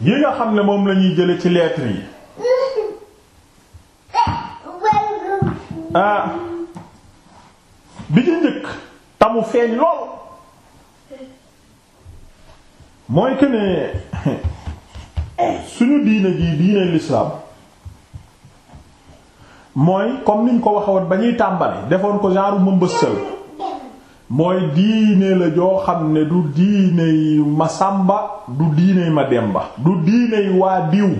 yi nga xam ne moom lañuy jële ci leetre yi ah. bi ci njëkk tamu feeñ lool mooy que ne suñu diine jii diine l'islam mooy comme niñ ko waxewoon ba ñuy tàmbali defoon ko genre mëmbëstal mooy diine la joo xam ne du diiney ma sàmba du diiney ma demba du diiney waa diw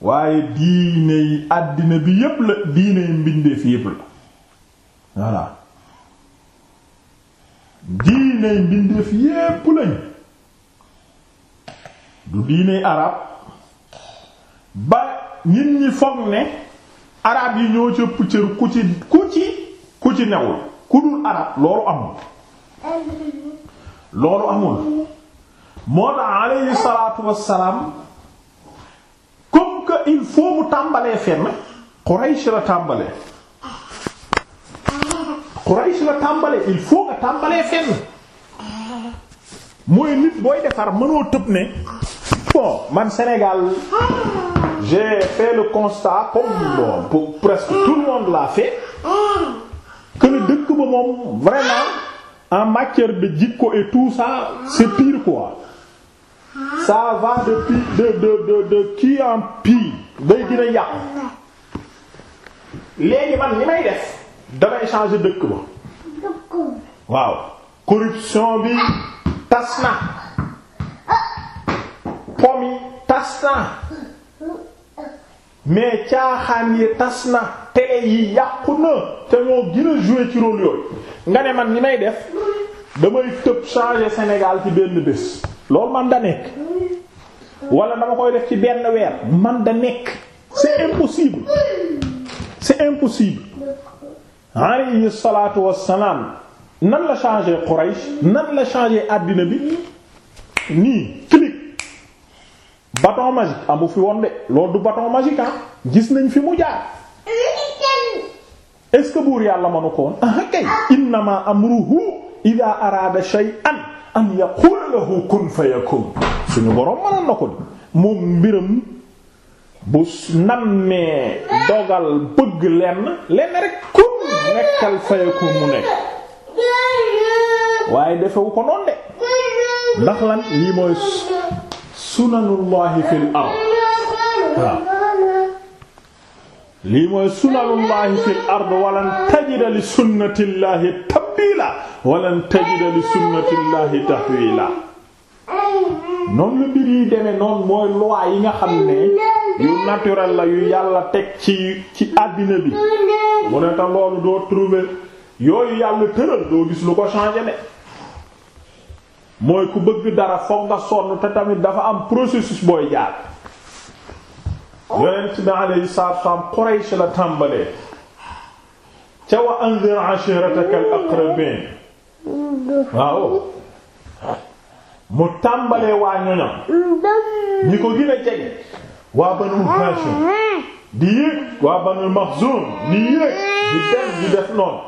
waaye diiney àddina bi yëpp la diiney mbindeef yépp mbindeef yépp lañ du diiney arab ba nit ñi foog ne arab yi ñoo cëpp cër ku ci ku ci ku ci newul ku dul arab loolu amul loolu amul moo tax alayhi salaatu wassalaam comme que il faut mu tàmbalee fenn Quraysh la tàmbalee Quraysh la tàmbalee il faut nga tàmbalee fenn mooy nit booy defar mënoo tëb ne man Sénégal j'ai le constat comme presque tout le monde l'a ba moom vraiment en matière de jikko et tout ça c'est pire quoi ça de pire de de de de en pire day gën yàqu. léegi man li may def damay changer dëkk ba. waaw corruption bi tas na. pomm tas na. mais caaxaan yi tas na télé yi yàqu na te moo gën a jouer ci rôle yooyu nga ne man ni may def damay tëb changer Sénégal ci benn bés loolu man da nekk wala dama koy def ci benn weer man da nekk c'est impossible c'est impossible alayhi salaatu wassalaam nan la changer Quraysh nan la changer àddina bi nii clic bâton magique amu fi woon de loolu du bâton magique ah. gis nañ fi mu jaar est buur yàlla mënu ko woon ah kay innama amruhu ida araada shay'an an yaqula lahu kun fayakun suñu boroom mënoon na ko di moom mbiram bu nammee dogal bëgg lenn lenn rek kun nekkal fayakun mu nekk waaye defewu ko noonu de ndax lan lii mooy sunanullahi fil lii mooy sunanullahi fil ard walan tajida li sunnatillahi tabdila walan mbir yi demee noonu mooy loi yi nga xam ne yu naturel la yu yàlla teg ci àddina bi mu loolu doo trouver yooyu yàlla tëral doo gis lu ko changer ne mooy ku bëgg dara foog nga sonn te tamit dafa am processus booy jaar oh. yonent bi alayhi salaatu wassalaam Quraysh la tàmbalee ca wa anzir ashiratakal aqrabin waaw mu tàmbalee waa ñoñam mm-hmm. ñi ko gën a jege waa Banu Hashim mm-hmm. di yéeg waa Banu Maxzum di yéeg di dem di def noonu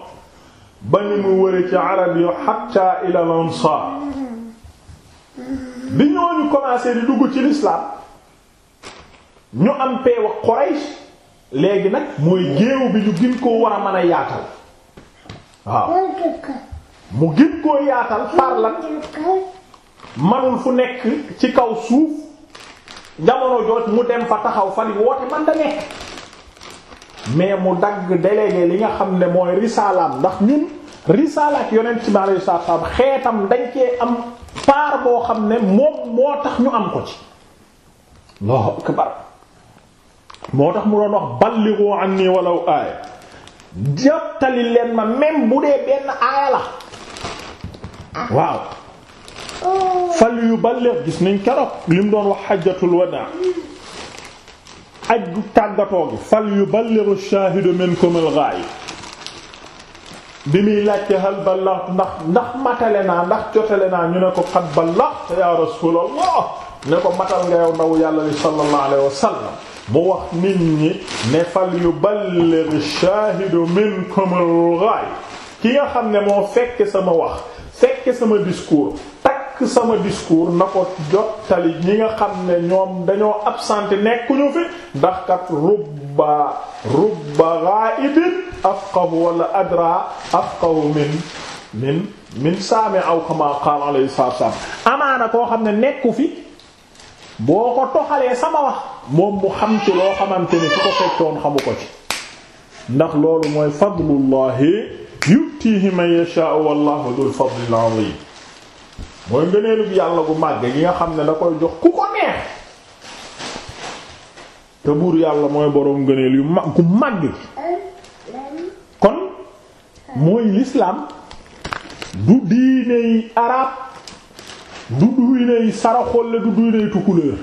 ba ni mu wëre ci arab yu hatta ila al bi ñooñu commencé di dugg ci l'islam ñu am paix ak léegi nag muy géew bi ñu gin koo war a mën a yaatal waaw mu gën koo yaatal par lan manul fu nekk ci kaw suuf jamono jooj mu dem fa taxaw fa ni woote man da mais mu dagg délégué li nga xam ne mooy risalaam ndax ñun risalaak yonent ci ma alei satu xeetam dañ cee am paar boo xam ne moom moo tax ñu am ko ci Allahu akbar moo tax mu doon wax ballighu anni walaw aaya jottali leen ma même bu dee benn aaya la waaw fal yuballigh gis nañ keroog li mu doon wax hajjatul wadaa aju tàggatoo gi fal yuballighu ash-shaahidu minkum al-ghaa'ib bi muy laajte hal ballaxt ndax ndax matale naa ndax jotale naa ñu ne ko xat ballaxt ya rasulallah ne ko matal nga yow ndaw yàlla li sallallahu alayhi wa sallam mu wax nit ñi ne fal yuballigh shahidu minkum al-ghaib ki nga xam ne moo fekke sama wax fekke sama discours takk sama discours na ko jottali ñi nga xam ne ñoom dañoo absenté nekkuñu fi ndax kat rubba rubba ghaibin afqahu wala adra afqahu min min min saami aw kama qaala alayhi salaam amaana koo xam ne nekku fi boo ko toxalee sama wax moom mu xam ci loo xamante ni su ko fekkoon xamu ko ci ndax loolu mooy fadlullahi yutihi man yashaa'u wallahu dul fadlil azim mooy ngëneelub yàlla bu màgg yi nga xam ne da koy jox ku ko neex te buur yàlla mooy boroom ngëneel yu mag ku màgg mooy l'islam du diiney arab du diiney saraxolle du diiney tukulóor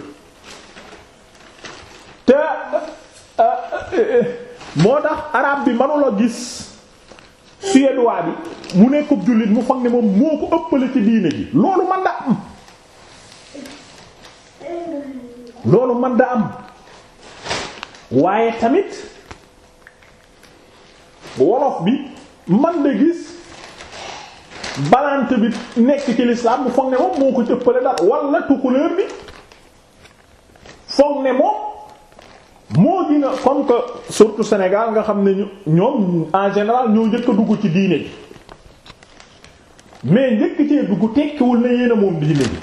te euh, euh, moo tax arab bi manula gis suédois bi mu nekkub jullit mu foog ne moom moo ko ëppale ci diine ji loolu man da am loolu man da am waaye tamit wolof bi man de gis balante bi nekk ci lislaam bu foog ne moom moo ko cëppale daal wala tukulóor bi foog ne moom moo dina comme que surtout Sénégal nga xam ne ñoom en général ñoo njëkk a dugg ci diine bi mais njëkk cee dugg tekkiwul ne yéen moom diine bi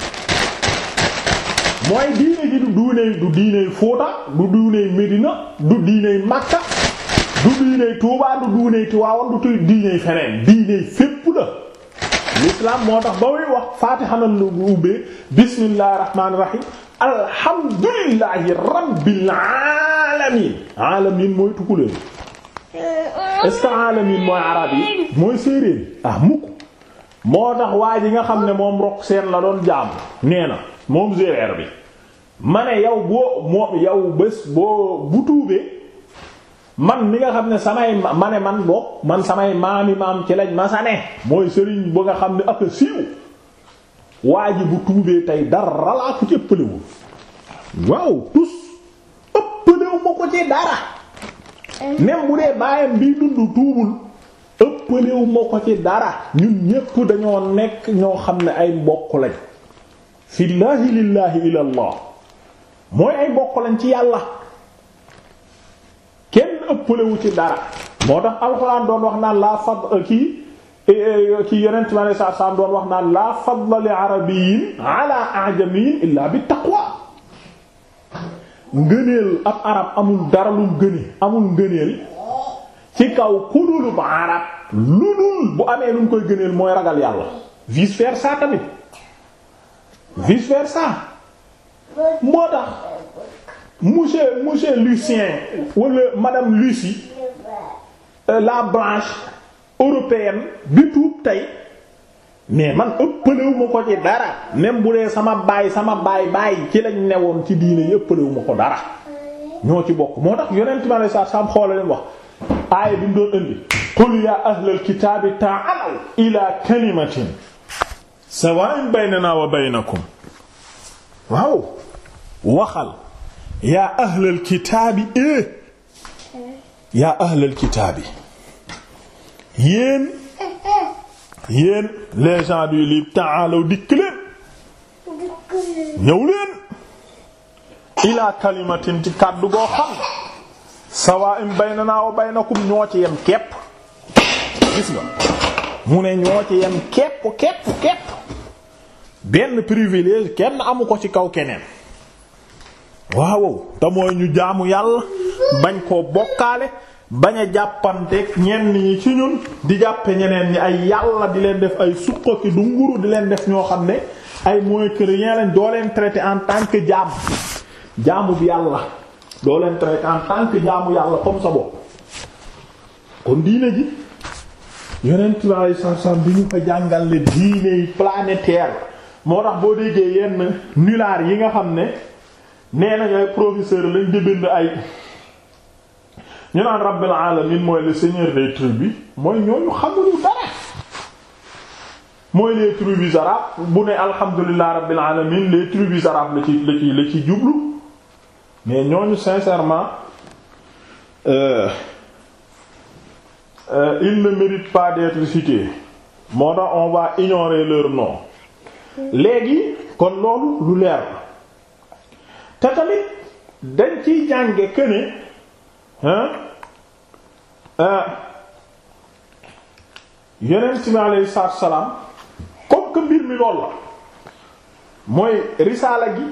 mooy diine ji du diine du du diine Médina du diine Makka du diiney Tuubaa du diiney Tiwaawan du tuy diiney feneen diiney fépp la l'islam moo tax ba muy wax faatiha na lu ubbee bismillahir rahmanir rahim alhamdulillahi rabbil alamin alamin mooy tukkuleen est-ce que mooy arab yi mooy séeréer ah mukk moo tax waa nga xam ne moom rok seen la doon jaam nee na moom séeréer bi ma ne yow boo moom yow bés boo bu tuubee man mi nga xam ne samay ma ne man bokk man samay maami maam ci lañ ma sa ne mooy sëriñ ba nga xam ne ak a siiw waa ji bu tuubee tey dara laa ko ci ëppalewul waaw tus ëppalewu ma ko ci dara même bu dee baayam bii dund tuubul ëppalewu ma ko ci dara ñun ñépp dañoo nekk ñoo xam ne ay mbokk lañ fillaahi lillaahi ilallah mooy ay mbokk lañ ci yàlla ëppalewu ci dara moo tax alxuraan doon wax naan laa fad euh, kii euh, euh, kii yonent ma ne saa saam doon wax naan laa fadla li arabiyin ala ajamiyin illaa bi taqwa ngëneel ab arab amul dara lu ngëne amul ngëneel ci kaw kudulub arab lu dul bu amee lu ñu koy gëneel mooy ragal yàlla vice versa tamit vice versa moo tax monsieur monsieur Lucien wala madame Lucie euh, la branche européenne bi tuub tey mais man ëppalewu ma ko ci dara même bu dee sama baay sama baay baay ci lañ newoon ci diine yi ëppalewu ma ko dara ñoo ci bokk moo tax yonent ma ne saa saam xoola leen wax aaya bi doon indi qul ya ahlal kitaabi ta'alaw ila kalimatin sawa'in baynana wa baynakum waaw waxal yaa ahlal kitaabi eh yaa ahlal kitaabi yéen yéen les gens du livre dikk leen ñëw leen ilaa kalimatin ci kàddu goo xam sawaa'in baynanaa wa baynakum ñoo ci yem kepp gis nga mu ne ñoo ci yem kepp kepp kepp benn privilège kenn amu ko ci kaw keneen waaw te ñu jaamu yàlla bañ koo bokkaale bañ jàppante jàppanteeg ñenn ñi ci ñun di jàppe ñeneen yi ay yàlla di leen def ay suqa ki du nguru di leen def ñoo xam ne ay mooy chrétien lañ doo leen traité en tant que jaam jaamu bi yàlla doo leen traité en tant que jaamu yàlla comme sa bopp kon diine ji yonent bi alayhi salaam bi ñu ko jàngal ne diine yi planétaire moo tax boo déggee yenn nulaar yi nga xam ne nee nañ ay professeur lañ di bind ay ñu naan rabbil alamin mooy le seigneur des tribus mooy ñooñu xamuñu dara mooy les tribus arabes bu ne alhamdulilah rabbil alamin les tribus arabes la ci la ci la ci jublu mais ñooñu sincèrement euh euh ils ne méritent pas d'être moo tax on va ignorer leur nom léegi kon loolu lu leer te tamit dañ ciy jànge këne euh, yonent bi alayhi salaatu salaam mbir mi lool la mooy risaala gi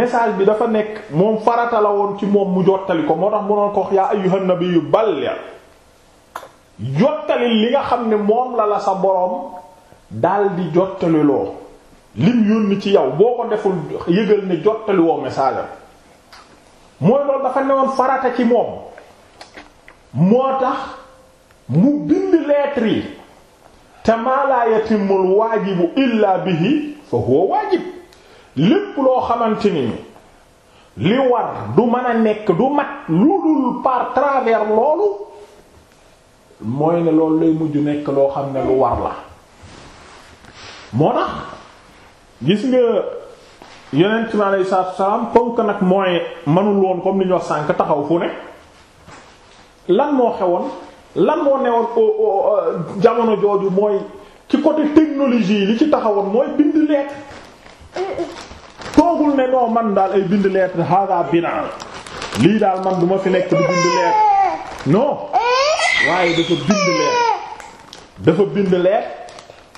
message bi dafa nekk moom faratalawoon ci moom mu jottali ko moo tax mu doon ko wax yaa ayyuhan nabiyyu balligh jottali li nga xam ne moom la la sa boroom di jottaliloo lim yónni ci yow boo ko deful yëgal ne jottali woo message am mooy loolu dafa newoon farata ci moom moo tax mu bind lettre yi te maa laa yatimul waajibu illa bihi fa huwa waajib lépp loo xamante ni li war du mën a nekk du mat lu dul par travers loolu mooy ne loolu lay mujj nekk loo xam ne lu war la moo tax gis nga yonent mi aleyhi salaatu salaam ponk nag mooy mënul woon comme li ñu wax sànk taxaw fu ne lan moo xewoon lan moo newoon jamono jooju mooy ci côté technologie li ci taxawoon mooy bind lettre toogul ne noo man daal ay bind lettre hada bina lii daal man duma fi nekk di bind lettre non waaye dafa bind lettre dafa bind lettre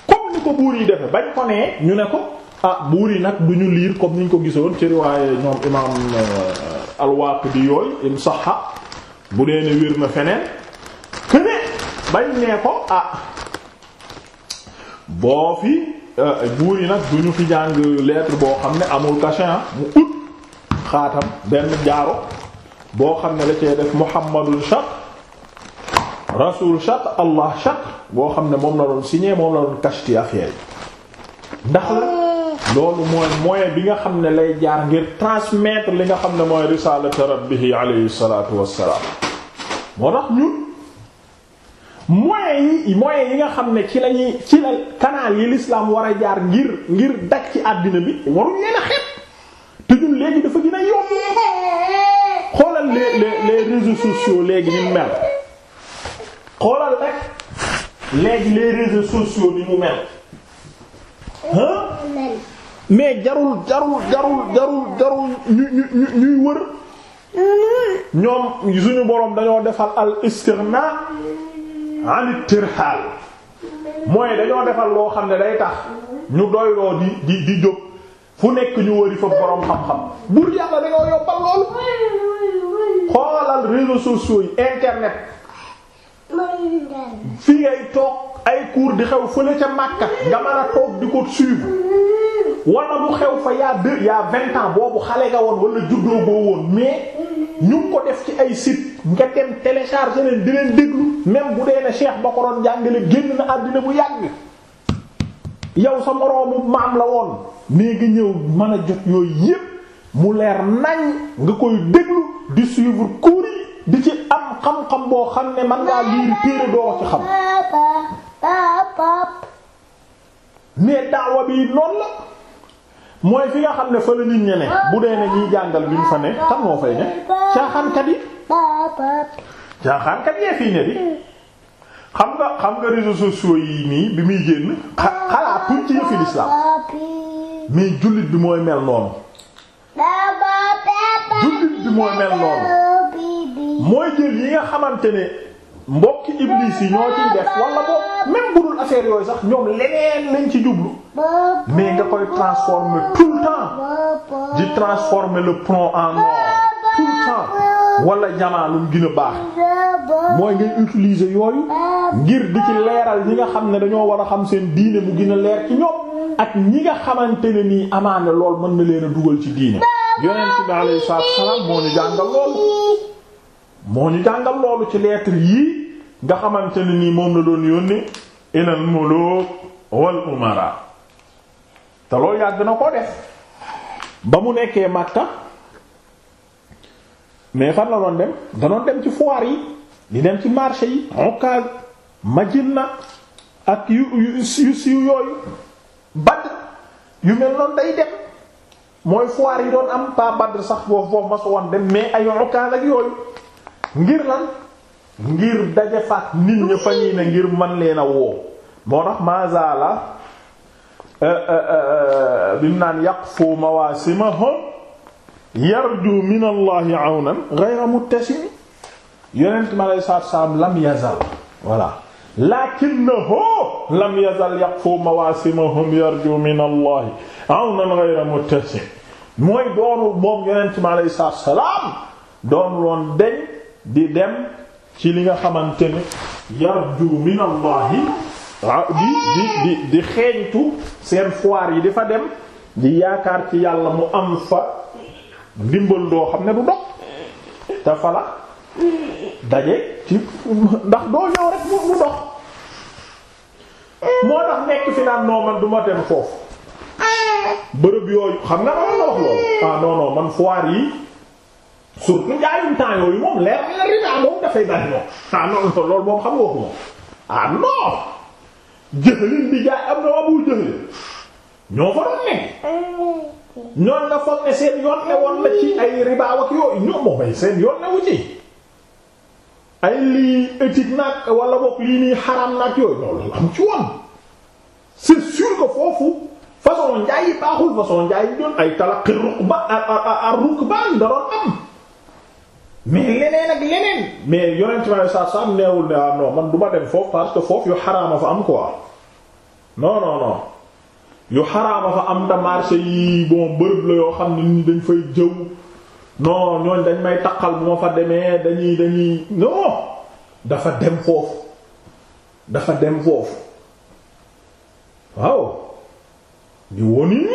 comme ni ko buur yi defe bañ ko ñu ne ko ah buur yi nag bu ñu liir comme ni ñu ko gisoon ci riwaaye ñoom imaam euh, al-Waaqidi yooyu im saxa bu dee ne wér na feneen que bañ nee ko ah boo fi euh, buur yi nag du ñu fi jàng lettre boo xam ne amul cachet ah, mu ut xaatam benn jaaro boo xam ne la cee def Muhammadul Shaq Rasul Shaq Allah Shaq boo xam ne moom na doon signé moom la doon cachet affaire ndax la. loolu mooy moyen bi nga xam ne lay jaar ngir transmettre li nga xam ne mooy risalata rabbihi alayhi salatu wassalaam moo tax ñun moyens yi moyens yi nga xam ne ci lañuy ci la canal yi l'islam war a jaar ngir ngir daj ci àddina bi waruñ leen a xeeb te léegi dafa gën a yomb xoolal les les les réseaux sociaux léegi ni mel xoolal rek léegi les réseaux sociaux ni mu mel mais jarul jarul jarul jarul jarul ñu ñu ñuy wër ñoom suñu borom dañoo defal al istighna an tirhal mooy dañoo defal loo xam ne day tax ñu doyloo di di di jóg fu nekk ñu wëri fa boroom xam-xam buur yàlla dañoo yobbal loolu xoolal réseaux sociaux yi internet fii ngay toog ay cours di xew fële ca Makka nga mën a toog di ko suivre wala du xew fa y'a deux y'a vingt ans boobu xale nga woon wala juddoo boo woon mais ñu ko def ci ay sit nga dem télécharger leen di leen déglu même bu dee ne Cheikh ba ko doon génn na àddina bu yàgg yow sa moroomu maam la woon nee ñëw mën a jot yooyu yépp mu leer nañ nga koy déglu di suivre cours di ci am xam-xam boo xam ne man ngaa liir téere doo ci xam mais daawa bi noonu la mooy fi nga xam ne fa la nit ne bu dee ne ñiy jàngal bi ñu fa ne xam moo fay ne caaxaankat yi caaxaankat yee fii ne di xam nga xam nga réseaux sociaux yi nii bi muy génn xalaatul ci yëfi lislaam mais jullit bi mooy mel noonu jullit bi mooy mel noonu mooy jël yi nga xamante ne mbokki iblis yi ñoo ciy def wala boo même bu dul affaire yooyu sax ñoom leneen lañ ci jublu mais nga koy transformer tout temps di transformer le plomb en or tout le temps wala gën a baax mooy ngay utiliser yooyu ngir di ci leeral ñi nga xam ne dañoo war a xam seen diine mu gën a leer ci ñoom ak ñi nga xamante ne nii amaane lool mën na leen a dugal ci diine yonent bi alayhi salaatu wa salaam moo ñu jàngal lool moo ñu jàngal loolu ci lettre yii nga xamante ne nii moom la doon yónni ilal muluk wal umara te loolu yàgg na ko def ba mu nekkee Makka mais fan la doon dem da dem ci foire yi di dem ci marché yi Ukaz Majinna ak yu yu siiw yooyu Badr yu mel noonu day dem mooy foire yi doon am pas Badr sax foofu foofu ma su woon dem mais ay Ukaz ak yooyu ngir lan ngir daje nit ña fa ñii ne ngir man leen a woo moo tax mazala euh, euh, euh, bim naan yaqfu mawasimahum yarju min allahi awnan ghayra muttasimi yonent mi alei saatu salaam lam yazal voilà lakinnahu lam yazal yaqfu mawasimahum yarju min allahi awnan ghayra muttasim mooy doonul moom yonent mi alei saatu salaam loon deñ di dem ci li nga xamante ne yarju min allahi di di di xeeñtu seen foire yi di fa dem di yaakaar ci yàlla mu am fa ndimbal doo xam ne du dog te daje ci ndax doo ñëw rek mu dox moo tax nekk fi naan man du ma foofu bërëb yooyu xam nga man la ah, man foire yi surtout njaayum temps yooyu moom leer na riba moom dafay bari moom ah non loolu moom xam nga ko moom ah non jëxlin bi jaay am na wabu jëxlin ñoo fa doon ay seen yoon ne wu ci ay lii éthique nag wala boog lii nii xaram nag yooyu loolu am ci woon c'est sûr que foofu façon njaay baaxul façon njaay yi doon ay talaqi ruqba ar ruqban da doon am mais leneen ak leneen mais yonent ma saa saa neewul ne ah non man du dem foofu parce que foofu yu xaraama fa am quoi non non non am da yi yoo xam ne ni dañ fay jëw non dañ may taqal bu ma fa demee dañuy dañuy non dafa dem foofu dafa dem foofu waaw di woni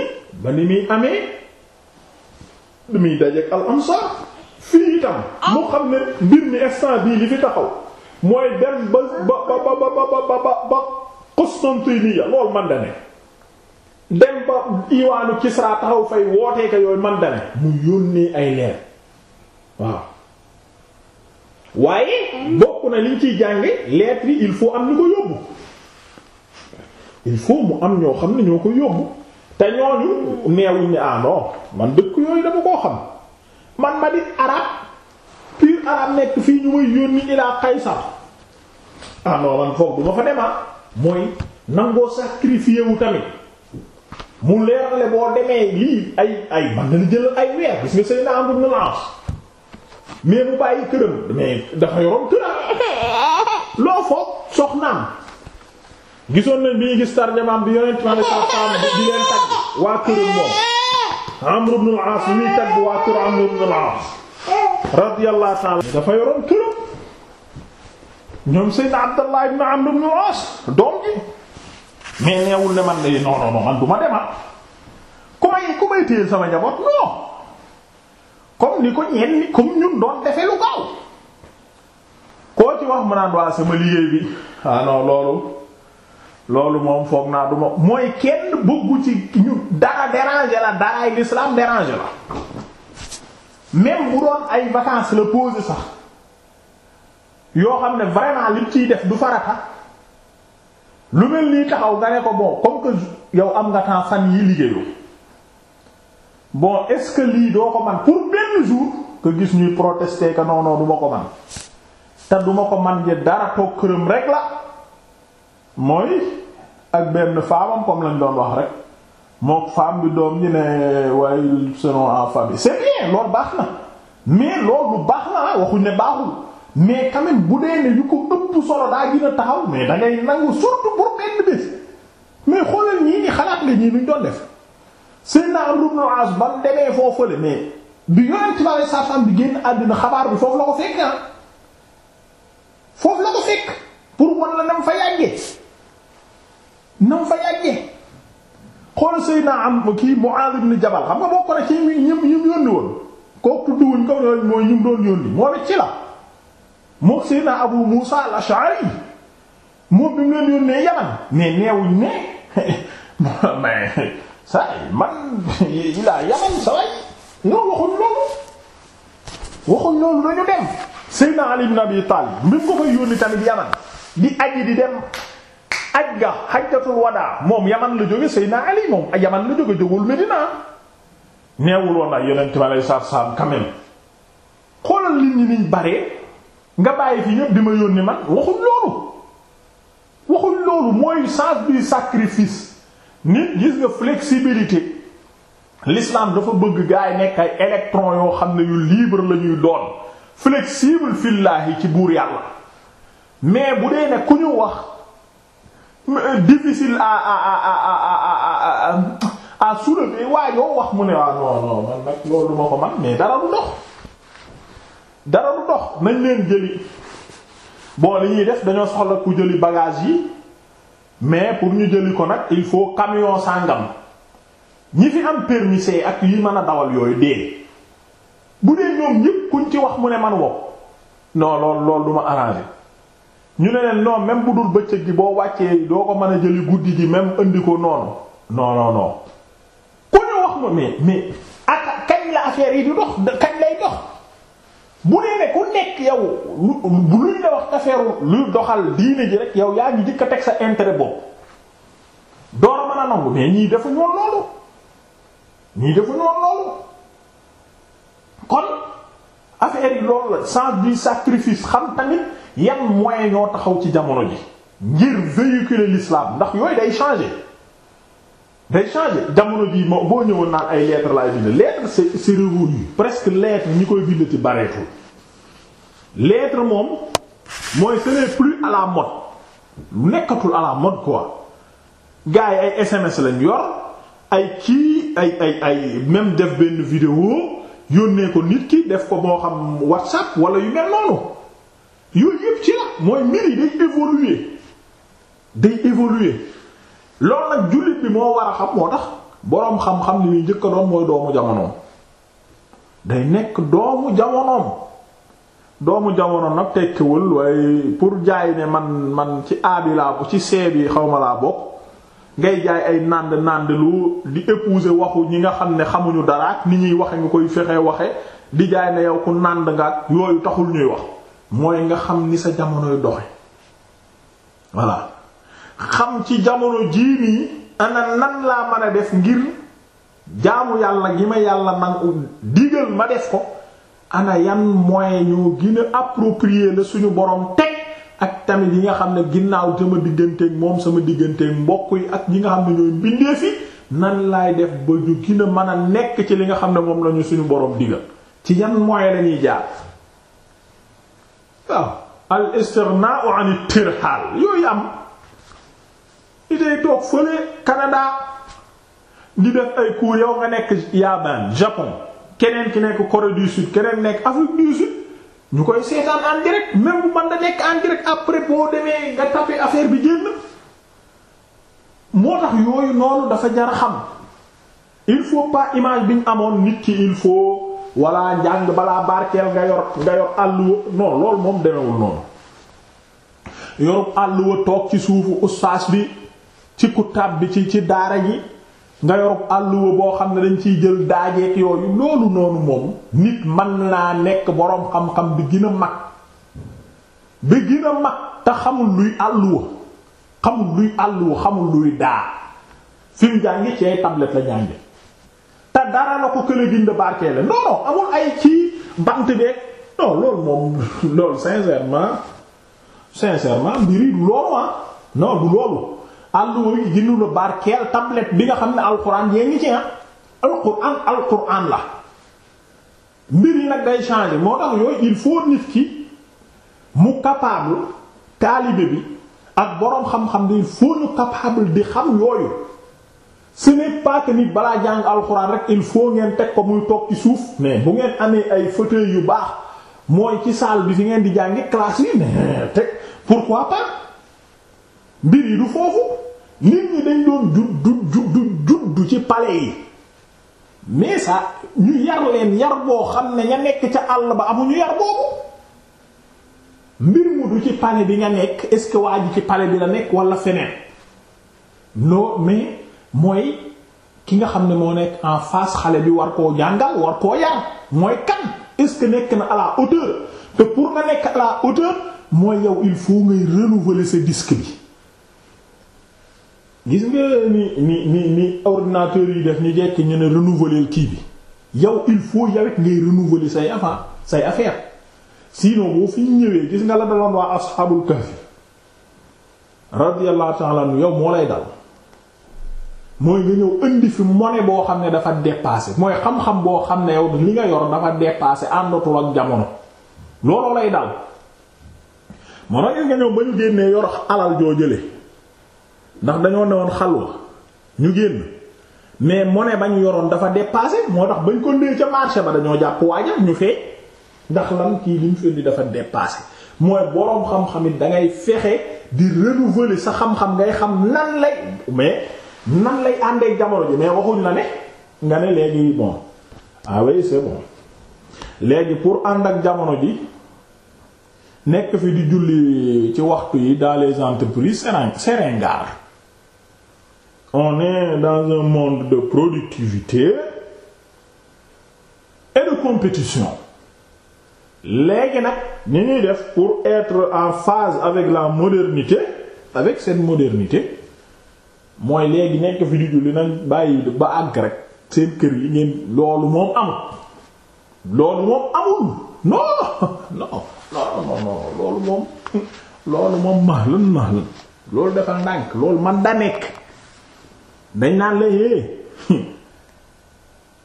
ba ni muy amee du muy dajeek al ansar fii itam ah. mu xam ne mbir mi instant bii li fi taxaw mooy dem ba ba ba ba ba ba ba Constantinople loolu man da dem ba diwaanu Kisra taxaw fay wootee yooyu man da mu yónnee ay leer waaw waaye bokk na liñ ciy jànge lettre yi il faut am ñu ko yóbbu il faut mu am ñoo xam ne ñoo ko yóbbu te ñooñu neewuñ ne ah man dëkk yooyu dama koo xam man ma di arab pur arab nekk fii ñu may yónni ilaa Qaysar ah non man foog duma fa dem ah. mooy nangoo sacrifier wu tamit mu leerale boo demee lii ay ay man dana jëlal ay weer gis nga sëy na am na la mais mu bàyyi këram mais dafa yoroon këram loo foog soxnaam gisoon nañ bi ñuy gis tarjamaam bi yonent ma ne sax saam di leen tagg waa këram moom Amr ibn as ñuy tagg waa kër Amr ibn al-As radiyallahu ta'ala dafa yoroon këram ñoom Seydina Abdallah ibn Amr ibn as doom ji mais neewul ne man de non man du dema ah. ku may ku may téye sama njaboot non comme ni ko ñenn comme ñun doon defe lu gaaw koo ci wax mu naan waa sama liggéey bi ah non loolu. loolu moom foog naa du ma mooy kenn bëggu ci ñu dara déranger la daraay l'islam déranger la même bu doon ay vacances la posé sax yoo xam ne vraiment li ciy def du farata lu mel nii taxaw nga ne ko bon comme que yow am nga temps fan yi liggéeyoo bon est-ce que lii doo ko man pour benn jour que gis ñuy protester que non non du ko man te duma ko man ji dara toog këram rek la mooy ak benn faamam comme lañ doon wax rek mook faam bi doom ñi ne waaye ils seront en famille c'est bien baax na mais loolu baax na waxuñ ne baaxul mais quand bu dee ne yu ko ëpp solo daa gën a taxaw mais dangay ngay nangu surtout pour benn bés mais xoolal ñii ni xalaat la ñii nuñ doon def Seydina Amru ibn al-As ba mu demee foofale mais bi yonent bi sallallahu alayhi wasallam bi génn àddina xabaar bi foofu la ko fekk ah. foofu la ko fekk pour wan la nam fa yàggee nam fa yàggee xoolal Seydina am kii Mu'adh ibn Jabal xam nga bokk na ci ñim ñim yónni woon kooku tudd wuñ ko mooy waxuñ loolu waxuñ loolu dañu dem Seydina Ali ibn Abi Talib ko koy yónni tamit Yaman di aji di dem aj gaa hajjatul wadaa moom yaman la jóge Seydina Ali moom yaman la jóge jógul Medina neewul woon ak ma time alay saab saab quand même xoolal nit ñi niñ baree nga bàyyi fi ñëpp di ma yónni man waxul loolu waxul loolu mooy sens du sacrifice nit gis nga flexibilité l'islam dafa bëgg gaay nekk ay électron yoo xam ne yu libre la ñuy doon flexible fillaahi ci buur yàlla mais bu dee ne ku ñu wax difficile a à à waaye yow wax mu ne waaw non man nag loolu ma ko man mais dara du dox dara du dox nañ leen jëli bon li ñuy def dañoo soxla ku jëli bagage yi mais pour ñu jëli ko nag il faut camion sàngam ñi fi am permis ak yi mën a dawal yooyu dee bu dee ñoom ñépp kuñ ci wax mu ne man woo non loolu loolu du ma ñu ne leen non même bu dul bëccëg gi boo wàccee doo ko mën a jëli guddi gi même indi ko noonu non non non ku ñu wax ma mais mais kañ la affaire yi di dox kañ lay dox bu dee ne ku nekk yow lu luñ la wax affaire lu doxal diine ji rek yow yaa ngi jëkk a teg sa intérêt bopp door a mën a nangu mais ñii dafa ñoon loolu ñii dafa ñoon loolu kon affaire yi loolu la sens du sacrifice xam tamit. yan moyen ñoo taxaw ci jamono ji ngir véhiculer l'islam ndax yooyu day changer day changer jamono ji moo boo ñëwoon naan ay lettres laay bind lettre c'est c'est révolu presque lettre ñi koy bind ci bareetul lettre moom mooy ce n'est plus à la mode nekkatul à la mode quoi ay SMS lañ yor ay kii ay ay ay même def benn vidéo yónnee ko nit ki def ko moo xam WhatsApp wala yu mel noonu. yooyu yëpp ci la mooy mbir yi day évoluer day évoluer loolu nag jullit bi moo war a xam moo tax boroom xam-xam li muy njëkk doon mooy doomu jamonoom day nekk doomu jamonoom doomu jamono nag tekkiwul waaye pour jaay ne man man ci aabi laa ci seeb yi xaw ma laa bokk ngay jaay ay nànd nànd lu di épouser waxu ñi nga xam ne xamuñu dara ak ni ñuy waxe nga koy fexe waxe di jaay ne yow ku nànd nga ak yooyu taxul ñuy wax mooy nga xam ni sa jamonoy doxe voilà xam ci jamono jii nii ana nan laa mën a def ngir jaamu yàlla gi ma yàlla nangu digal ma def ko ana yan moyen ñoo gën a approprier la suñu borom teg ak tamit yi nga xam ne ginnaaw sama digganteeg moom sama digganteeg mbokk yi ak ñi nga xam ne ñooy mbindee fi nan laay def ba ñu gën a mën a nekk ci li nga xam ne moom lañu suñu borom digal ci yan moyen lañuy jaar waaw al istighna'u an at-tirhal yooyu am idée toog fële Canada di def ay cours yow nga nekk Yabaan Japon keneen ki nekk Corée du Sud keneen nekk Afrique du Sud ñu koy seetaan en direct même bu man da nekk en direct après boo demee nga tapé affaire bi génn moo tax yooyu noonu dafa jar xam il faut pas image bi amoon nit ki il faut wala njàng balaa barkeel nga yor nga yor àlluwa loolu moom demewul noonu yorub àlluwa toog ci suufu ustaas bi ci kutaab bi ci ci daara ji nga yorub àlluwa boo xam ne dañ ciy jël daajeek yooyu loolu noonu moom nit mën naa nekk boroom xam-xam bi gën a mag bi gën a mag te xamul luy àlluwa xamul luy àlluwa xamul luy daa fi jàngi ci ay tablette la jàngi te dara la ko kële bind barkeele la non amul ay ci bant beeg non loolu moom loolu sincèrement sincèrement mbir yi loolu ah non du loolu àlluwa yi gënu la barkeel tablette bi nga xam ne alxuraan yee ngi ci ah alxuraan alxuraan la mbir yi nag day changer moo tax yooyu il faut nit ki mu capable taalibe bi ak boroom xam-xam bi il faut ñu di xam yooyu. ce n'est pas nit balaa jàng alxuraan rek il faut ngeen teg ko muy toog ci suuf mais bu ngeen amee ay fauteuil yu baax mooy ci salle bi fi ngeen di jàngi classe yi mais teg pourquoi pas du ci palais yi mais ça ñu yar leen yar boo xam ne ña nekk ca àll ba amuñu yar boobu mbir mu du ci palais bi nga nekk est-ce que waa ji ci pale bi la nekk wala feneen non mais. mooy ki nga xam ne moo nekk en face xale bi war koo jàngal war koo yar mooy kan est-ce que nekk na à la hauteur te pour nga nekk à hauteur mooy yow il faut ngay renouveler sa disque bi gis nga ni ni ni ni ordinateur yi def ñu jekk ñu ne renouveler kii bi yow il faut yow it ngay renouveler say affaire say affaire sinon boo fi ñëwee gis nga la daloon waa ashabul kahf radiyallahu ta'ala anhu yow moo lay dal mooy nga ñëw indi fi monnaie boo xam ne dafa dépassé mooy xam-xam boo xam ne yow li nga yor dafa dépassé àndatul ak jamono looloo lay dal moo tax nga ñëw ba ñu génnee yor alal joo jële ndax dañoo newoon xalwa ñu génn mais monnaie bañ yoroon dafa dépassé moo tax bañ ko ndee ca marché ba dañoo jàpp waajal ñu fee ndax lan kii liñ fi indi dafa dépassé mooy boroom xam-xam dangay da ngay fexe di renouveler sa xam-xam ngay xam nan lay mais. nan lay àndeeg jamono ji mais waxuñ la ne nga ne léegi bon ah oui c'est bon léegi pour ànd ak jamono ji nekk fi di julli ci waxtu yi dans les entreprises c'est ringard on est dans un monde de productivité et de compétition léegi nag ni ñuy def pour être en phase avec la modernité avec cette modernité mooy léegi nekk fi di julli nañ bàyyi ba àgg rek seen kër yi ngeen loolu moom amul loolu moom amul non non non non non loolu moom loolu moom loolu dafa ndànk loolu man da nekk dañ naan la yée eh,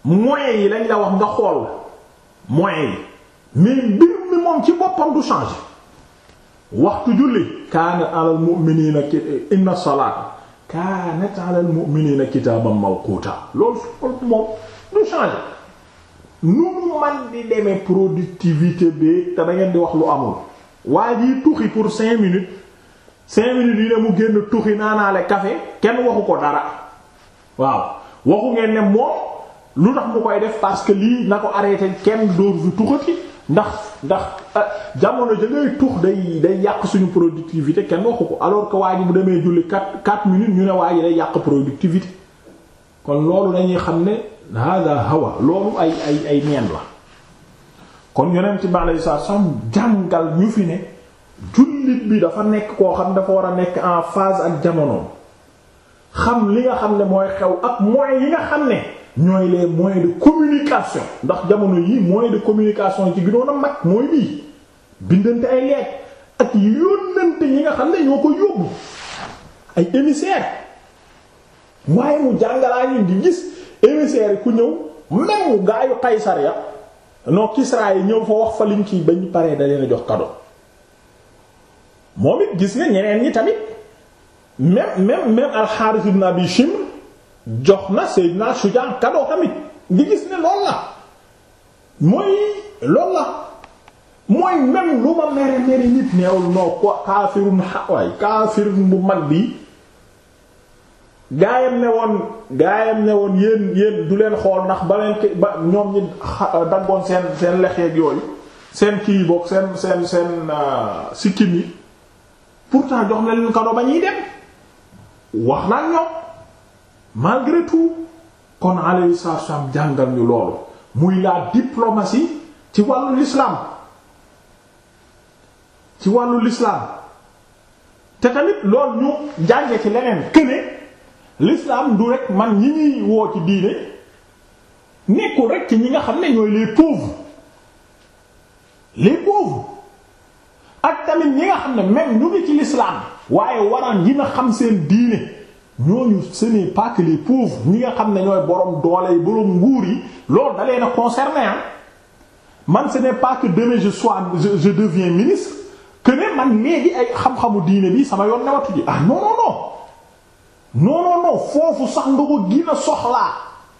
moyens yi lañ la wax nga xool moyens yi mais mbir mi moom ci boppam du changer waxtu julli kaana alal mu'minina inna salaat kaanat ala al mu'minina kitaaban mawquta loolu loolu moom du changé nu mu man di demee productivité bi te da ngeen di wax lu amul waa jii tuxi pour cinq minutes cinq minutes yi ne mu génn tuxi naanaale café kenn waxu ko dara waaw waxu ngeen ne moom lu tax mu koy def parce que lii na ko arrêté kenn dóor du tuxati ndax ndax ah, jamono ja ngay tux day day yàq suñu productivité kenn waxu ko alors que waa bu demee julli quatre quatre minutes ñu ne waa ji day yàq productivité kon loolu dañuy xam ne hada hawa loolu ay ay ay neen la kon yonent ci alayhi salaatu salaam jàngal ñu fi ne jullit bi dafa nekk koo xam dafa war a nekk en phase ak jamono xam li nga xam ne mooy xew ak moyens yi nga xam ne ñooy les moyens de communication ndax jamono yii moyens de communication ci ginoon a mag mooy bii bindante ay leeg ak yónnante yi nga xam ne ñoo ko yóbbu ay émissaires waaye mu jàngalaa ñun di gis émissaires yi ku ñëw même gaayu Qaysar ya noo Kisra yi ñëw fa wax fa liñ ci bañ paree da leen jox cadeau moom it gis nga ñeneen ñi tamit même même même al-Harith ibn Abi jox na Seydina Shujaa cadeau tamit ngi gis ne lool la mooy lool la mooy même lu ma mere mere nit neewul noo ko kaafirun bu mag bi gaayam ne woon gaayam ne woon yéen yéen du leen xool ndax ba leen ba ñoom ñi daggoon seen seen lexeeg yooyu seen kii boog seen seen euh, sikkim yi pourtant jox na leen cadeau ba ñuy dem wax naa ñoom malgré tout kon alayhi salaam jàngal ñu loolu muy la diplomatie ci wàllu l'islam ci wàllu l'islam te tamit loolu ñu jànge ci leneen këne l'islam du rek man ñi ñuy woo ci diine nekkul rek ñi nga xam ne ñooy les pauvres les pauvres ak tamit ñi nga xam ne même ñu ngi ci l'islam waaye waroon dina xam seen diine ñooñu ce n'est pas que les nga xam ne ñooy borom doole yi borom nguur yi loolu da leen a concerné man ce n'est pas que je sois je, je deviens ministre que ne man léegi ay xam-xamu diine bi sama yoon newatu ji ah non non foofu sax nga ko gën a soxlaa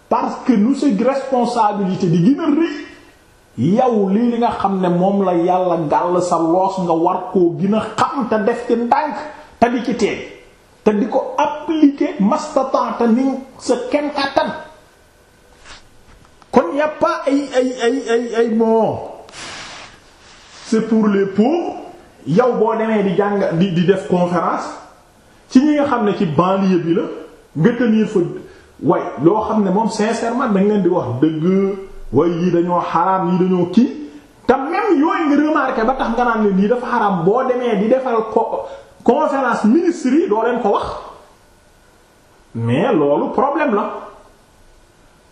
parce que nous c'est responsabilité di gën a rëy yow lii li nga xam ne moom la yàlla gàll sa loos nga war koo gën a xam te def ci ndànk te di te di ko appliquer te ni sa kem attan kon y'a ay ay ay ay ay moo c'est pour les pauvres yow boo demee di jàng di di def conférence ci ñi nga xam ne ci banlieue bi la nga tenir fa waaye loo xam ne moom sincèrement dañ leen di wax dëgg waaye yi dañoo xaraam yi dañoo kii te même yooyu nga remarqué ba tax nga naan leen nii dafa xaram boo demee di defal ko conférence ministre yi doo leen ko wax mais loolu problème la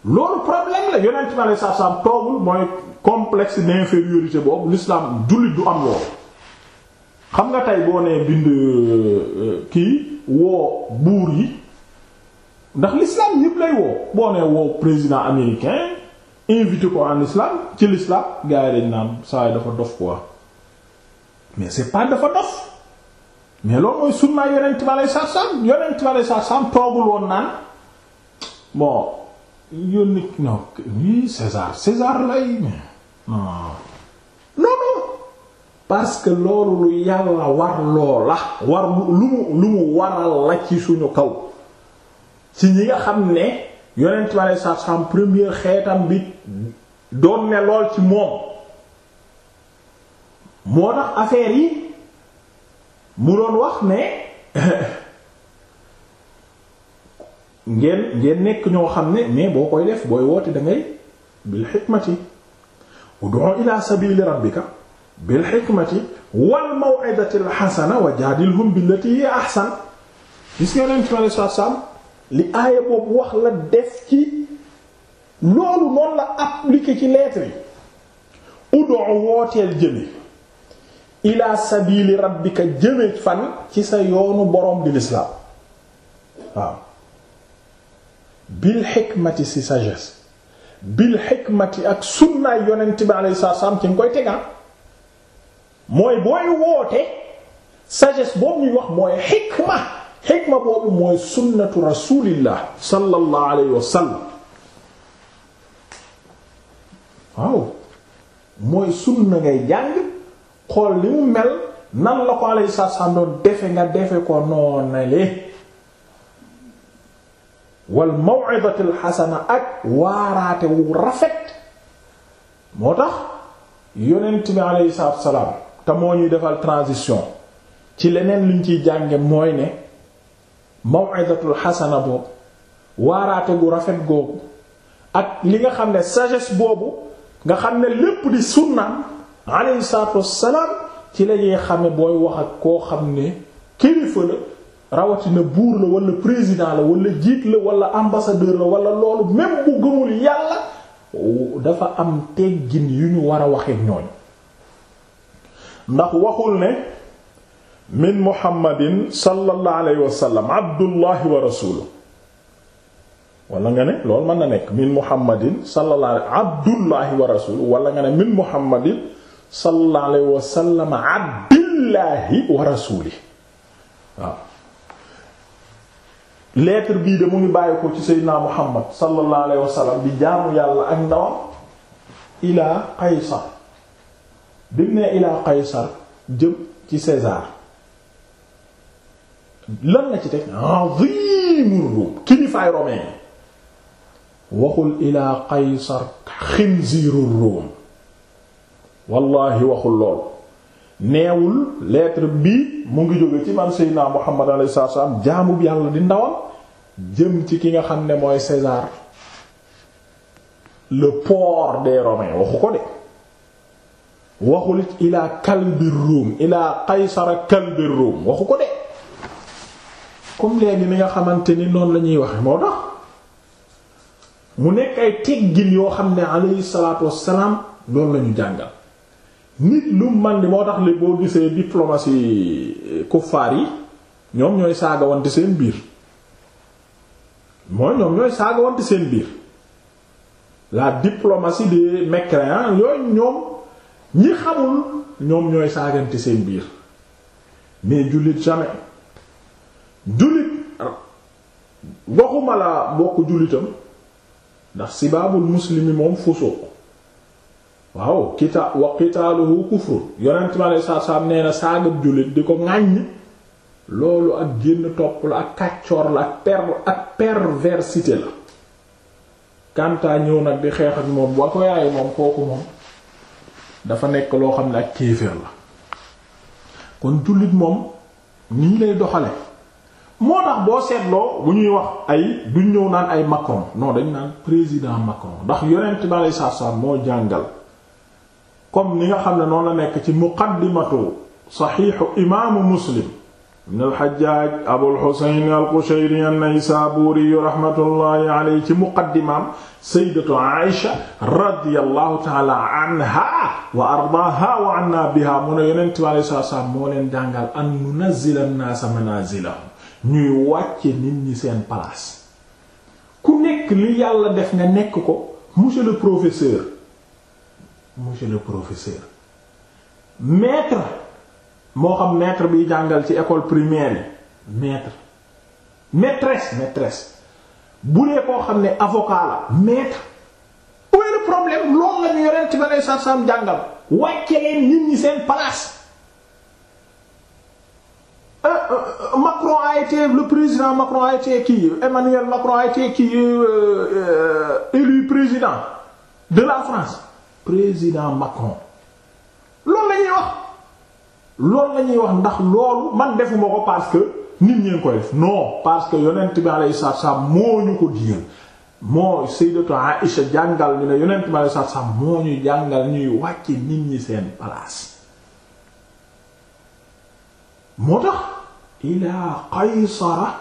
loolu problème la yonent bi aleyhi salaatu salaam toogul mooy complexe d'infériorité boobu l'islam jullit du am loolu xam nga tey boo nee bind euh, kii woo buur yi ndax l'islam ñépp lay woo boo nee woo président américain invité ko en islam ci l'islam gars yi dañ naan saa yi dafa dof quoi mais c'est pas dafa dof mais loolu mooy sunna yonent bi aleyhi salaatu salaam yonent bi aleyhi salaatu salaam toogul woon naan bon yónni non oui César César lay non parce que loolu lu yàlla war loola war lu mu lu mu waral la ci suñu kaw ci ñi nga xam ne yonent bi aleyhi salaatu salaam xeetam bi doon ne lool ci moom moo tax affaire yi. mu doon wax ne ngeen ngeen nekk ñoo xam ne mais boo koy def booy woote dangay ngay bil xikmati ud'u ila sabili rabbika bil xikmati wal maw'idati xasana wa jaadilhum billati hiya ahsan gis nga leen ci li aaya boobu wax la def ci loolu noonu la appliqué ci lettre yi ud'u wooteel jëme ila sabili rabbika jëme fan ci sa yoonu boroom di lislaam waaw bil xikmati si sagesse bil xikmati ak sunnaay yonent bi alayhi salaam ci nga koy tegaan mooy booy woote sagesse boobu ñuy wax mooy xikma xikma boobu mooy sunnatu rasulillah sallallahu alayhi wa sallam waaw mooy sunna ngay jàng xool li mu mel nan la ko alayhi salaam doon defe nga defe ko noonale xasana ak waaraate wu rafet moo tax yonent bi alayhi salaam te moo ñuy defal transition ci leneen luñ ciy jànge mooy ne maw'izatul xasana boobu waaraate gu rafet googu ak li nga xam ne sages boobu nga xam ne lépp di sunnaam alayhi salaatu wassalaam ci lañuy xame booy wax ak koo xam ne kilifa la rawatina buur la walla président la wala jiit la wala ambassadeur la wala loolu même bu gëmul yàlla dafa am teggin yu ñu war a waxee ñooñ ndax waxul ne min muhammadin sallallahu alayhi wa sallam abdullahi wa rasuluhu wala nga ne loolu mën na nekk min muhammadin sallallahu alayhi abdullahi wa rasuluhu wala nga ne min muhammadin sallallahu alayhi wa sallam abdillahi wa waaw lettre bii de mu ngi bàyyi ko ci seydina muhammad sallallahu alayhi wa bi di jaamu yàlla ak ndawam ilaa qaysar bi mu nee ilaa qaysar jëm ci César lan la ci teg azimur ruum kilifaay romain waxul ilaa qaysar xinziirur ruum wallahi waxul lool neewul lettre bi mu ngi jóge ci man seydinaa Muhammad alayhi salaam jaamu bi yàlla di ndawal jëm ci ki nga xam ne mooy César le port des Romains waxu ko de waxul ilaa kalbi Rum ilaa qaysara kalbi Rum waxu ko de comme léegi ni nga xamante ni noonu lañuy ñuy waxe moo tax mu nekk ay teggin yoo xam ne alayhi salaatu wa salaam loolu la ñu jàngal nit lu man di moo tax li boo gisee diplomatie eh, kuffaar yi ñoom ñooy saagawante seen biir mooy ñoom ñooy saagawante seen biir la diplomatie des mécréants yooyu ñoom ñi xamul ñoom ñooy saagante seen biir mais jullit jamais jullit waxuma la bokk jullitam ndax sibaabul muslimi moom fusoo waaw kita wa qitaaluhu kufru yonent mi aleyhi salaatu salaam nee na saagab jullit di ko ŋàññ loolu ak génn topp la ak kàccoor la ak per ak perversité la kantaa ñëw nag di xeex ak moom ba ko yaay moom kooku moom dafa nekk loo xam ne ak kéeféer la kon jullit moom nii lay doxale moo tax boo seetloo bu ñuy wax ay duñ ñëw naan ay Macron non dañ naan président Macron ndax yonent bi aleyhi moo jàngal comme ni nga xam ne noonu la nekk ci muqaddimatu saxiixu imaamu muslim ibn al-Hajjaj Abul Husayn al-Qushayri an-Naysaburi ci muqaddimaam sayyidatu Aisha radiyallahu ta'ala anha wa ardaaha wa anna biha mu ne Yonent bi alayhi salaatu wa salaam moo leen jàngal an nunazzila an-naasa manaazilahum ñuy wàcce seen place ku nekk li yàlla def nga nekk ko monsieur le professeur monsieur le professeur maître moo xam maître biy jàngal ci école primaire yi maître maîtresse maîtresse bu dee koo xam ne avocat la maître où est le problème loolu la ñu yoreen ci ba lay sarsam jàngal wàcce leen nit seen place euh, euh, euh, Macron a le président Macron a été kii Emmanuel Macron a été kii élu président de la France président Macron loolu la wax loolu la ñuy wax ndax loolu man defuma ko parce que nit ñi ngi koy non parce que yonent bi alayhi salaatu salaam moo ñu ko digal moo Sayyidatu Aïcha jàngal ñu ne yonent bi alayhi salaatu salaam moo ñu jàngal ñuy wàcc nit ñi seen place moo tax ila Qaysara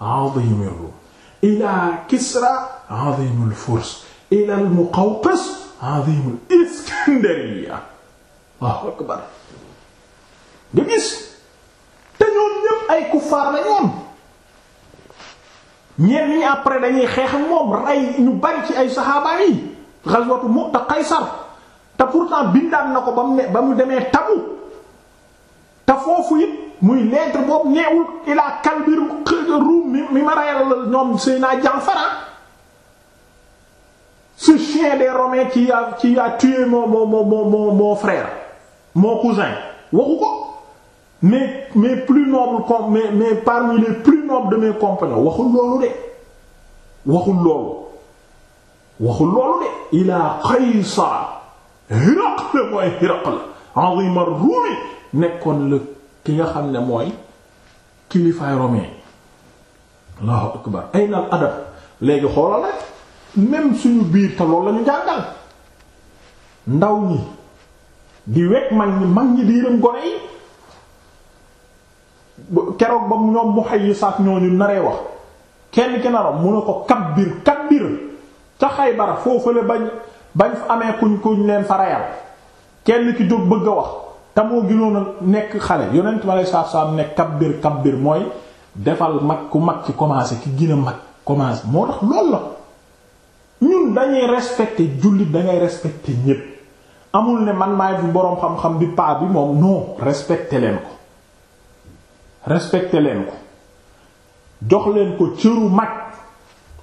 azimir Rum ila Kisra azimul Furs ila al-Muqawqis azimul iskandariya waaw akbar nga gis te ñoom ñépp ay kuffaar la ñeen ñi après dañuy xeex moom rey ñu bari ci ay saxaaba yi ghazwatu Mu'ta Qaysar te pourtant bindaan na ko ba mu ne ba mu demee tabu te foofu it muy lettre boobu neewul ilaa kalbir ruum mi ma reyal ñoom Seydina Jaafar ce chien des Romains qui a qui a tué mon mon mon mon mon cousin waxu ko mais mais plus noble comme mais parmi les plus nobles de mes compagnons waxul loolu de waxul loolu waxul loolu de ilaa Qaysar Hiraql mooy la nga xam ne mooy kilifaay romain Allahu akbar ayna al léegi xoolal même suñu biir te loolu lañu jàngal ndaw ñi di wekk mag ñi mag ñi di yërëm gone yi keroog ba ñoom mu xëy saak ñooñu naree wax kenn ki naroon mu ne ko kabbir kabbir ca Xaybar foofule bañ bañ fa amee kuñ kuñ leen fa reyal kenn ki jóg bëgg a wax te moo gënoon a nekk xale yonent ma lay saaf saaf nekk kabbir kabbir mooy defal mag ku mag ci commencé ki gën a mag commencé moo tax loolu la. ñun dañuy respecter jullit dangay respecter ñépp amul ne man maay fi boroom xam-xam bi paa bi moom non respecter leen ko respecter leen ko jox leen ko cëru mag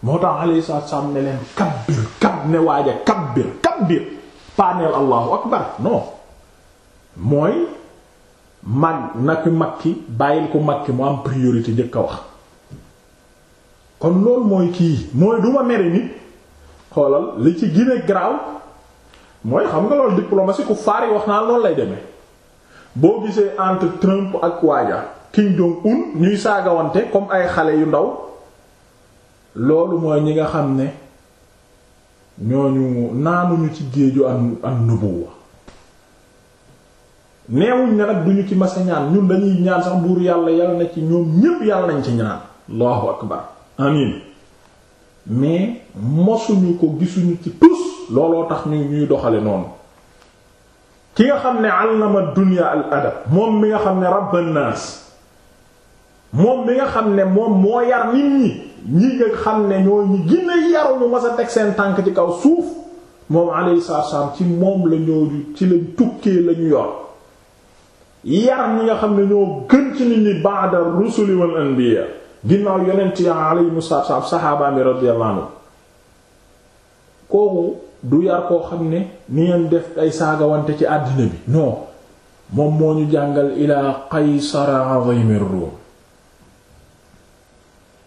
moo tax alayhi salaam ne leen kabbir kab ne waaja kabbir kabbir paaneel allahu akbar non mooy mag naki makki bàyyil ko makki mu am priorité njëkk a wax kon loolu mooy kii mooy duma mere nit xoolal li ci gine graw mooy xam nga loolu diplomatie ku faar yi wax naa loolu lay demee boo gisee entre Trump ak waaja Kim Jong Un ñuy saagawante comme ay xale yu ndaw loolu mooy ñi nga xam ne ñooñu naanuñu ci géeju am am nubuwa neewuñ ne duñu ci masa ñaan ñun dañuy ñaan sax buur yàlla yàlla na ci ñoom ñépp yàlla nañ ci ñaan allahu akbar amin mais mosuñu ko gisuñu ci tus looloo tax ñu ñuy doxale noonu ki nga xam ne allama dunya al adab moom mi nga xam ne rabban naas moom mi nga xam ne moom moo yar nit ñi ñi nga xam ne ñoo ñi ginna yaruñu mas a teg seen tànk ci kaw suuf moom alayhi salaatu salaam ci moom la ñoo ci lañ tukkee lañu yor yar ñi nga xam ne ñoo gën ci nit ñi ba'da rusuli wal ginnaaw yonent ya alayhimu salaam saxaabaa mi radiyallahu anhu kooku du yar koo xam ne ni ngeen def ay saagawante ci àddina bi non moom moo ñu jàngal ilaa qaysara azimir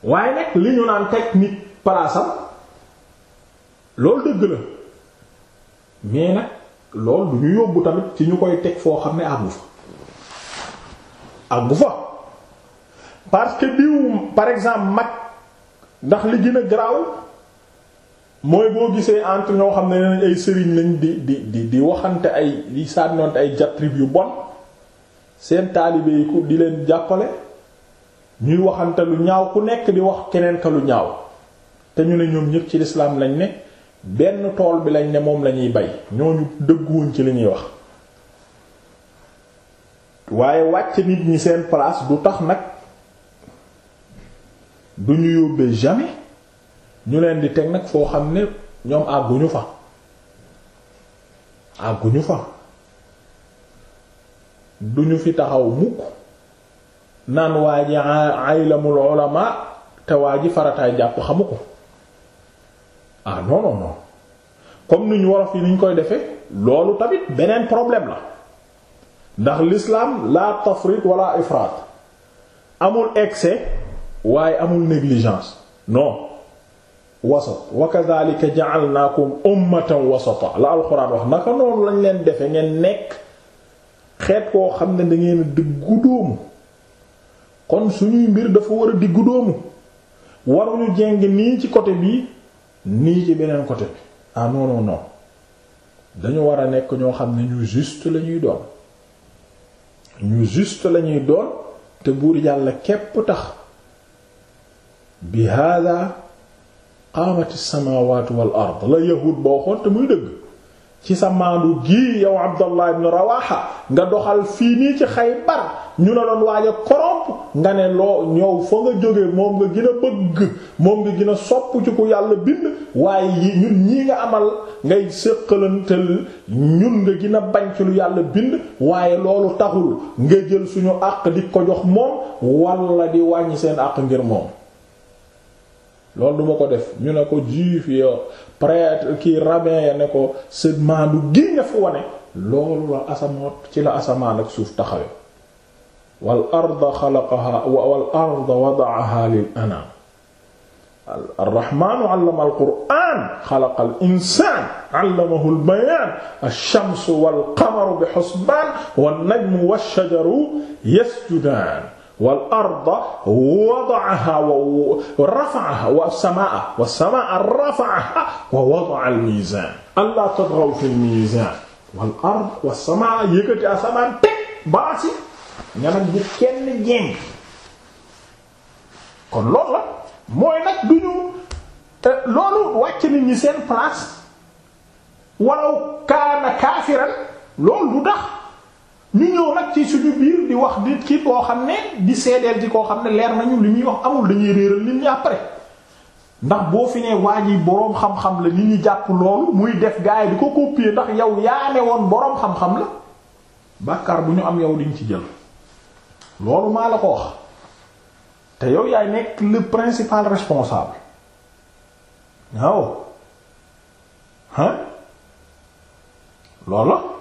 waaye nag li ñu naan teg nit palaasam loolu dëgg la mais nag loolu du ñu yóbbu tamit ci ñu koy teg foo xam ne àggu fa àggu fa parce que diw par exemple mag ndax li gën a garaaw mooy boo gisee entre ñoo xam ne nañ ay sëriñ lañ di di di di waxante ay di sànnoonte ay jatrib yu bon seen taalibe yi ku di leen jàppale ñuy waxante lu ñaaw ku nekk di wax keneenkalu ñaaw te ñu ne ñoom ñépp ci lislaam lañ ne benn tool bi lañ ne moom lañuy bay ñooñu dëgguwuñ ci li ñuy wax waaye wàcc nit ñi seen place du tax nag du ñu yóbbee jamais ñu leen di teg nag foo xam ne ñoom àgguñu fa àgguñu fa du ñu fi taxaw mukk naan waa ji aylamul ulama te waa ji farataay jàpp xamu ko ah non non non comme ni ñu yi ni koy defee loolu tamit beneen problème la ndax l'islam la tafrit wala ifrat amul excès waaye amul négligence no non wasat wa kadhalika ja'alnakum ummatan wasata la alxuraan wax naka noonu lañ leen defe ngeen nekk xeet koo xam ne dangeen diggu doomu kon suñuy mbir dafa war a diggu doomu waruñu jeng nii ci côté bi nii ci beneen côté bi ah non non dañu war a nekk ñoo xam ne ñu juste lañuy doon ñu juste lañuy doon te buur yàlla képp tax bi hada qaamat as wal ard la yahud boo xoon te muy dëgg ci sa maandu gi yow Abdallah ibn Rawaha nga doxal fii nii ci Xaybar ñu la doon waaj a corrompre nga ne loo ñëw fa nga jóge moom nga gën a bëgg moom nga gën a sopp ci ku yàlla bind waaye yi ñun ñii nga amal ngay séqalantel ñun nga gën a bañ ci lu yàlla bind waaye loolu taxul nga jël suñu àq di ko jox moom walla di wàññi seen àq ngir moom loolu duma ko def ñu ne ko juif ya prêtre kii rabbin ya ne ko sëg maandu gi nga fi wane loolu la asamoot ci la asamaan ak suuf taxawe wal arda xalaqaha wal arda wada'aha lil anam arrahmaanu allama alqur'aan xalaqa al insaan allamahu al bayaan ash-shamsu wal qamaru bi husbaan wan najmu wash shajaru yasjudaan wal arda wada'aha wa rafa'aha wa samaa wa samaa rafa'aha wa wada'a al mizan alla tatghaw fi al mizan wal ard wa samaa yëkkati asamaan teg baasi nga nag bu kenn jéng kon loolu la mooy nag du ñu loolu wàcc nit ñi seen place walaw kaana kaafiran loolu du tax ñu ñëw nag ci suñu biir di wax nit ki koo xam ne di seedeel di koo xam ne leer nañu li ñuy wax amul dañuy réeral nit ñi après ndax boo fi ne waa ji boroom xam-xam la nit ñi jàpp loolu muy def gaay di ko copier ndax yow yaa ne woon boroom xam la bàkkaar bu ñu am yow diñ ci jël loolu la ko wax te yow yaay nekk le principal responsable waaw ah loolu